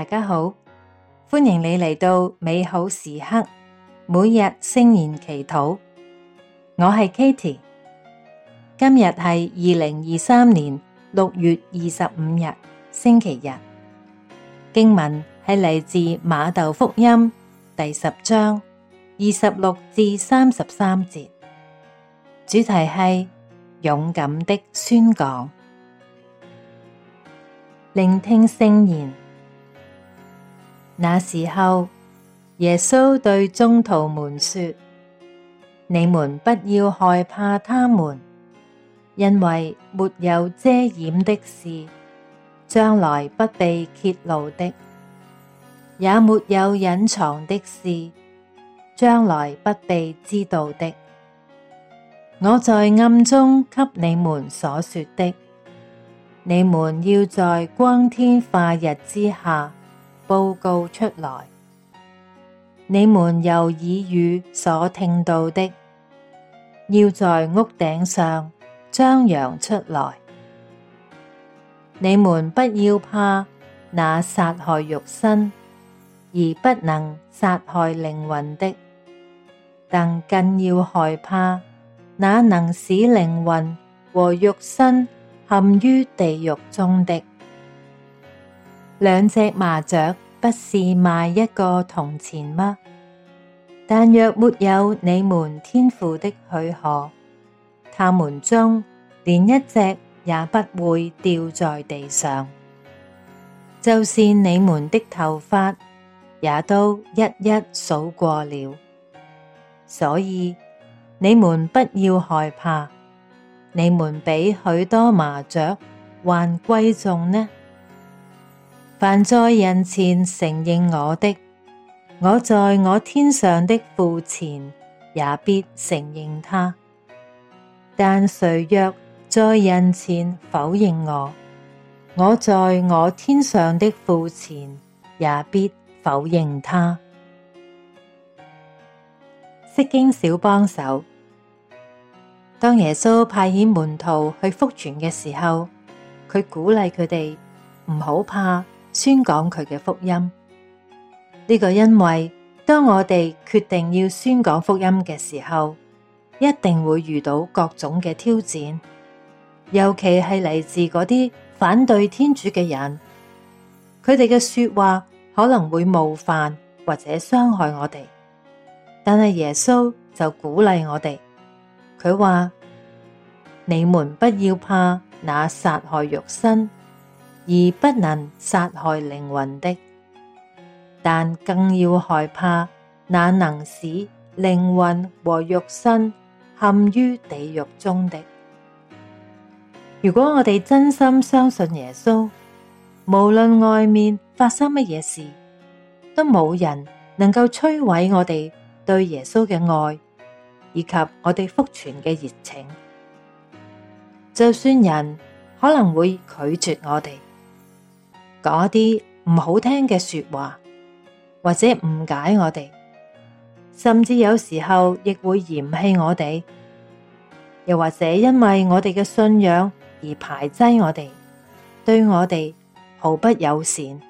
大家好，歡迎你嚟到美好時刻，每日聖言祈禱。我係 Katie，今日係二零二三年六月二十五日星期日。經文係嚟自馬竇福音第十章二十六至三十三節，主題係勇敢的宣講，聆聽聖言。那時候，耶穌對宗徒們說：「你們不要害怕他們，因為沒有遮掩的事將來不被揭露的，也沒有隱藏的事將來不被知道的。我在暗中給你們所說的，你們要在光天化日之下。報告出來，你們由耳語所聽到的，要在屋頂上張揚出來。你們不要怕那殺害肉身，而不能殺害靈魂的，但更要害怕那能使靈魂和肉身陷於地獄中的。兩隻麻雀不是賣一個銅錢嗎？但若沒有你們天父的許可，他們中連一隻也不會掉在地上。就是你們的頭髮也都一一數過了，所以你們不要害怕。你們比許多麻雀還貴重呢。凡在人前承認我的，我在我天上的父前也必承認他；但誰若在人前否認我，我在我天上的父前也必否認他。釋經小幫手，當耶穌派遣門徒去福傳嘅時候，佢鼓勵佢哋唔好怕。宣講佢嘅福音呢、這個，因為當我哋決定要宣講福音嘅時候，一定會遇到各種嘅挑戰，尤其係嚟自嗰啲反對天主嘅人，佢哋嘅說話可能會冒犯或者傷害我哋。但係耶穌就鼓勵我哋，佢話：你們不要怕那殺害肉身。而不能殺害靈魂的，但更要害怕那能使靈魂和肉身陷於地獄中的。如果我哋真心相信耶穌，無論外面發生乜嘢事，都冇人能夠摧毀我哋對耶穌嘅愛，以及我哋福傳嘅熱情。就算人可能會拒絕我哋。嗰啲唔好聽嘅說話，或者誤解我哋，甚至有時候亦會嫌棄我哋，又或者因為我哋嘅信仰而排擠我哋，對我哋毫不友善。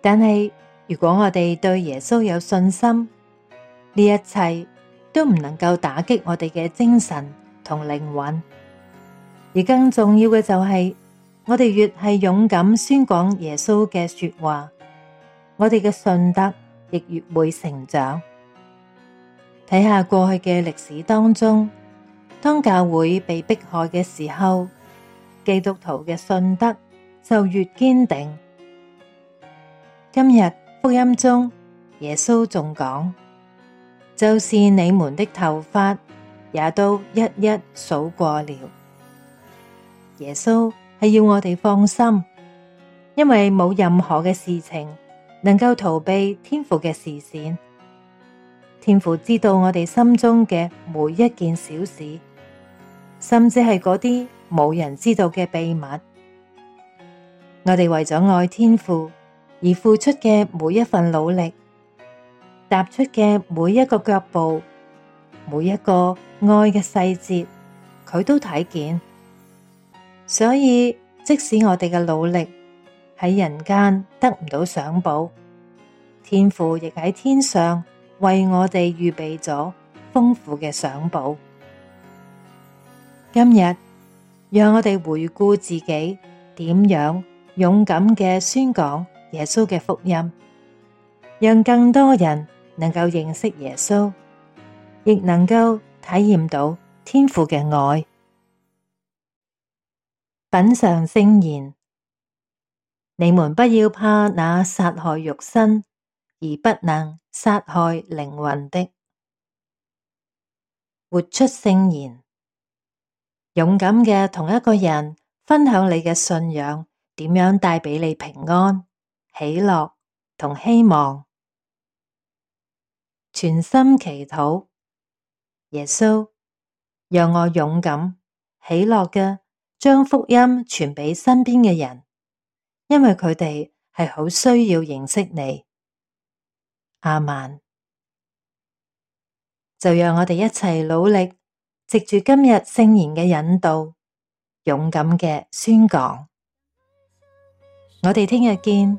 但係如果我哋對耶穌有信心，呢一切都唔能夠打擊我哋嘅精神同靈魂，而更重要嘅就係、是。我哋越係勇敢宣講耶穌嘅說話，我哋嘅信德亦越會成長。睇下過去嘅歷史當中，當教會被迫害嘅時候，基督徒嘅信德就越堅定。今日福音中，耶穌仲講，「就是你們的頭髮也都一一數過了。」耶穌。係要我哋放心，因為冇任何嘅事情能夠逃避天父嘅視線。天父知道我哋心中嘅每一件小事，甚至係嗰啲冇人知道嘅秘密。我哋為咗愛天父而付出嘅每一份努力，踏出嘅每一個腳步，每一個愛嘅細節，佢都睇見。所以，即使我哋嘅努力喺人間得唔到賞報，天父亦喺天上為我哋預備咗豐富嘅賞報。今日，讓我哋回顧自己點樣勇敢嘅宣講耶穌嘅福音，讓更多人能夠認識耶穌，亦能夠體驗到天父嘅愛。品嚐聖言，你們不要怕那殺害肉身而不能殺害靈魂的。活出聖言，勇敢嘅同一個人分享你嘅信仰，點樣帶俾你平安、喜樂同希望。全心祈禱，耶穌，讓我勇敢、喜樂嘅。將福音傳俾身邊嘅人，因為佢哋係好需要認識你。阿們，就讓我哋一齊努力，藉住今日聖言嘅引導，勇敢嘅宣講。我哋聽日見。